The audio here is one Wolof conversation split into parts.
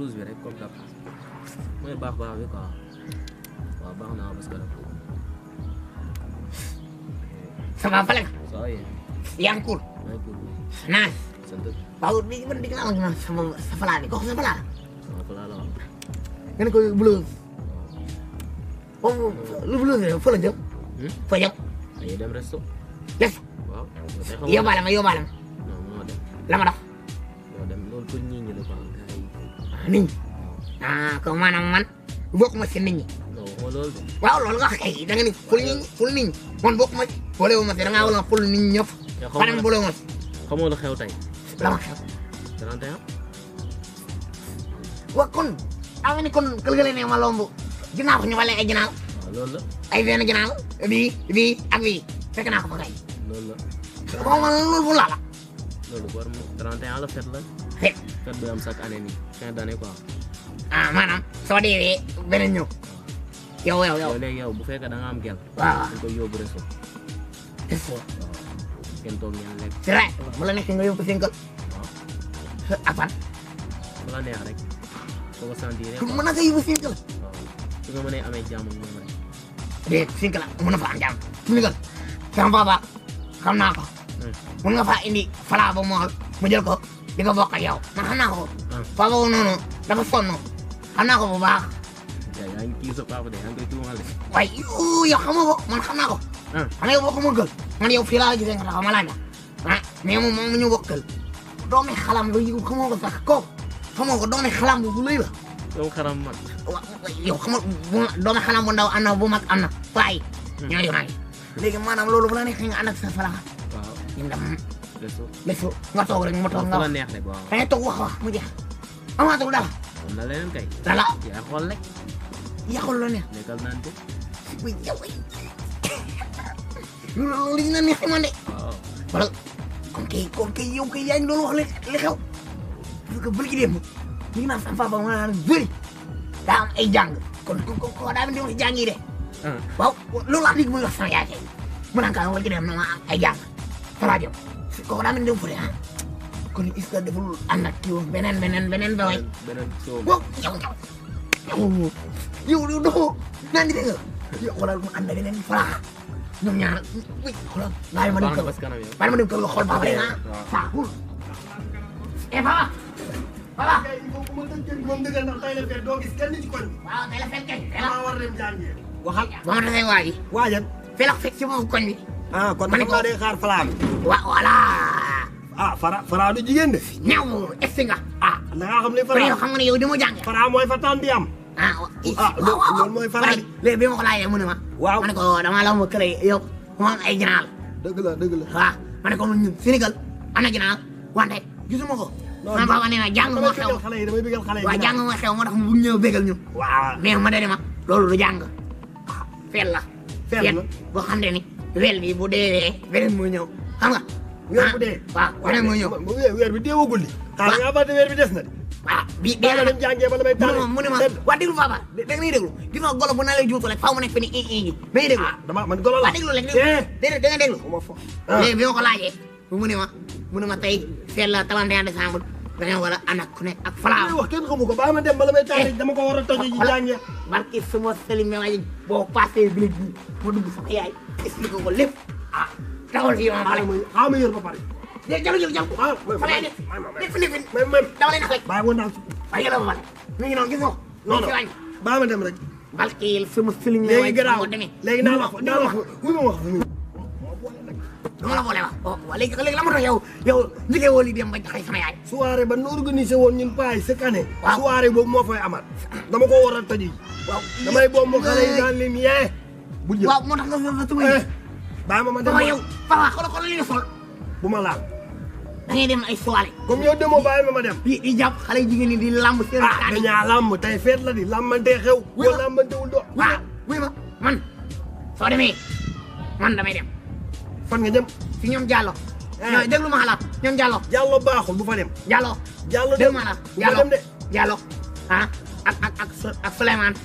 rouge bi rek comme ça mooy baax baax bi quoi waaw baax naa parce que rek. ça va fële nga. ça va yéen. yaa ngi kuul. yaa ngi kuul. naan. sant. waaw bi man dégg naa wax ma sama sa falaa bi kooku sa falaa la. sama falaa la waaw. nga ne ko bleu. moom lu bleu bi fa la jëm. Hmm? fa jëm. dañuy dem resto. resto. waaw. yóbbaale ma yóbbaale ma. non moo dem. la ma dox. moo dem loolu pour ñii ñu la quoi. nit ñi ko ah, kon maanaam man bokkuma si niñ ñi. waaw loolu nga xam kay da nga ni ful nit ñi ful nit ñi man bokkuma si. boolewuma si da ngaa war a ful nit ñi ñëpp. maanaam boolewuma si. la ma xew. 31. wa kon. am na ni kon këlgale ne ma lomb ginnaaw ñu wàllee ay ginnaaw. Ah, benn ginnaaw bii bii ak naa ko fa kay. loolu la. xaw ma loolu war mu 31 la fête la. fête fête bi am chaque année nii fin d'année quoi. ah soo deewee beneen ñëw. yow yow yow bu fekkee da nga am gel. waaw dañ koy yóbbu kenn toog ngeen lekk. c'est vrai bu la nekkee nga yóbbu single. waaw à part. bu la ko sentir rek mën na nga yóbbu single. waaw su nga mënee amee jàmm moom rek. naa ko. mun nga faa indi fala ba mool mu jël ko di ko bokk ak man xam naa ko. papa boobu noonu dafa fonn xam naa ko bu baax. yaa sa papa de xam nga man xam naa ko. xam nga yow boo ko mën gël man yow fii ma moom moom mu doomi xalam lu yiw xamoo ko sax kooku xamoo ko doomi xalam bu mag. waaw xam doomi xalam bu ndaw am na bu mag am na waaye. ñoo yor naa léegi maanaam loolu bu la neexee nga ànd ak sa fala ndam. lesu lesu nga toog rek mu toog nga wax neex toog wax wax mu na leneen kay. dara yaa xool rek. ji. loolu li ñu naan neex man de. waaw wala. kon kay kon kay yow kay yaa ngi doon wax li li xew. parce que bu ñu ci dem ñu ngi naan sama papa ma naan bëri. daa am ay jàng. kon kon kon daa am dem ci jàng ah. wax dëgg yaay kay. mu naan kaa ah, war ci dem na ma am ay Fara Diop kooku daa mel ni fure ah kon is la deful ànd ak kii woon beneen beneen beneen ba waay. beneen soo ko yow yow yow yow doxoo naan di dégg yow xoolal mu ànd beneen Fara ñoom ñaar oui xoolal. bàyyi ma dem kër bàyyi ma dem kër nga xool baax na ah waaw. et Fara Fara. moom dëgg ndax tey la fekk doo gis kenn ci koñ bi. waaw tey la fekk kenn. maa war dem jàngee. waxal waxal na say waa ji. waajan. fekk ci moom koñ bi. ah kon xam naa day xaar Fala bi. waaw ah, jigéen de. ñaw est nga. ah na ah, nga yow di am. ah, ah waaw loolu mooy Fara bi. léegi bi ma ko laajee mu ne ma. waaw ma ne ko damaa la mu am ay ginaar. dëgg la dëgg la. waaw ma ne ko ñun Sénégal am na ginaar wante gisuma ko. non ma loolu du jàng. fel la. boo xam ne ni. wel bi bu deewee beneen mooy ñëw xam nga. weer bu dee waaw beneen mooy ñëw. weer bi deewagul li. waaw nga abat weer bi des na. waaw bi dee na dem jàngee bala may taal mu ne ma waa déglu Faba da ngay déglu gis nga golo bu na lay juutu rek faaw mu nekk fi ni i i ji mais déglu dama man golo la waa déglu rek déglu da nga déglu léegi bi ma ko laajee mu ne ma mu ne ma tey c'est le 31 décembre beneen wala ànd ak ku nekk eh. ak falaaw wax kenn xamu ko ba ma dem bala may taal dama ko war a toj ji jàngee barke sama sëli ma waaye boo passé village bi ma dugg sama yaay expliqué ko lépp. ah taxawal fii ma ma leen xaaral ma yor ba pare. dégg nga jërëjëf jàpp. waaw waaw waaye nag dégg nga fi may la waaye moo demee ma wax. dama la boole wax waaw léegi léegi la ma tax yow yow liggéey woo lii dem ba xëy sama yaay. soirée ba nu organisé woon ñun paa yi chaque boobu moo fay a yi naan leen eh. yee. bu jël waaw moo tax nga eh, ma ma dem yow Farba xoolal xoolal li nga sol bu ma laa da ngay dem ay soirée comme yow demoo bàyyi ma ma dem di di jàpp xale jigéen ñi di làmb seen kaani ah, dañaa làmb feet la di làmbante xew boo làmbantewul doo waaw wuy ma man soo demee man damay dem fan nga jëm fi ñoom Diallo eh. ñooy déglu ma xalaat ñoom Diallo Diallo baaxul bu fa dem Diallo Diallo déglu ma xalaat Diallo Diallo ah ak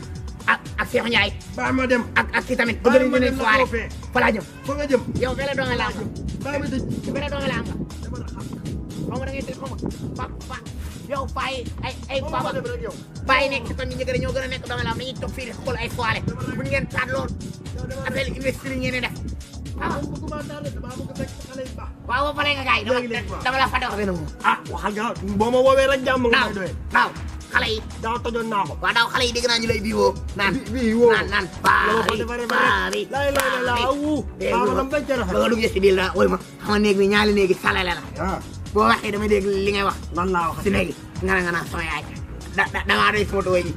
ak ak Cheikh Ndiaye. ba ma dem ak ak ki tamit. bëgg nañu ne soirée fa laa jëm. fa nga jëm yow benn dong la am nga. ba ma dëj benn dong la am nga. xaw ma da ngay tëj xaw ma fa fa yow faa yi ay ay papa faa yi nekk ci koñ bi njëkk dañoo gën a nekk dong la am dañuy toog fii di xool ay soirée bu ñu ngeen taat lool appel investir ngeen def ah. waaw waaw fa lay nga gars yi dama la fa dox benn moom. Ah. ah wax nga boo ma woowee rek jàmm nga may doyee waaw xale yi. daaw tojoon naa ko. waaw daaw xale yi dégg naa ñu lay biiwoo. naan biiwoo naan naan. baari baari baari ba nga duggee si biir la ooy ma. xam nga la. Ah. boo waxee dama dégg li ngay wax. lan laa wax si néeg yi. nga naan sama yaay. da da da maa doy sama doy ji.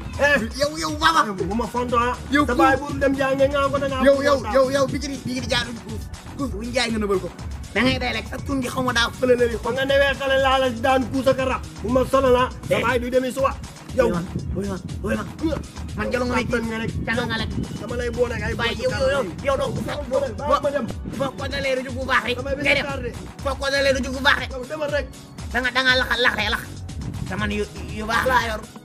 yow yow baba. Eh, bu ma fontoon ah. yow ku tabaay bu dem jaay nga ko da ngaa. yow yow yow yow bi ci bi ci jaay kuus bu ñu jaay nga nëbal ko. da ngay day rek sa tun gi xaw ma daa fële na li. xale laa daan kuus ak a rab. bu ma solo la. Ah. yow booy booy man jëloon nga ne ci jàngal nga rek. dama lay boole ak ay booy yow yow yow donc foo foo kontalee ruju bu baax rek ngay def foo kontalee ruju bu baax rek da nga da nga lax laxee lax dama yu baax laa yor.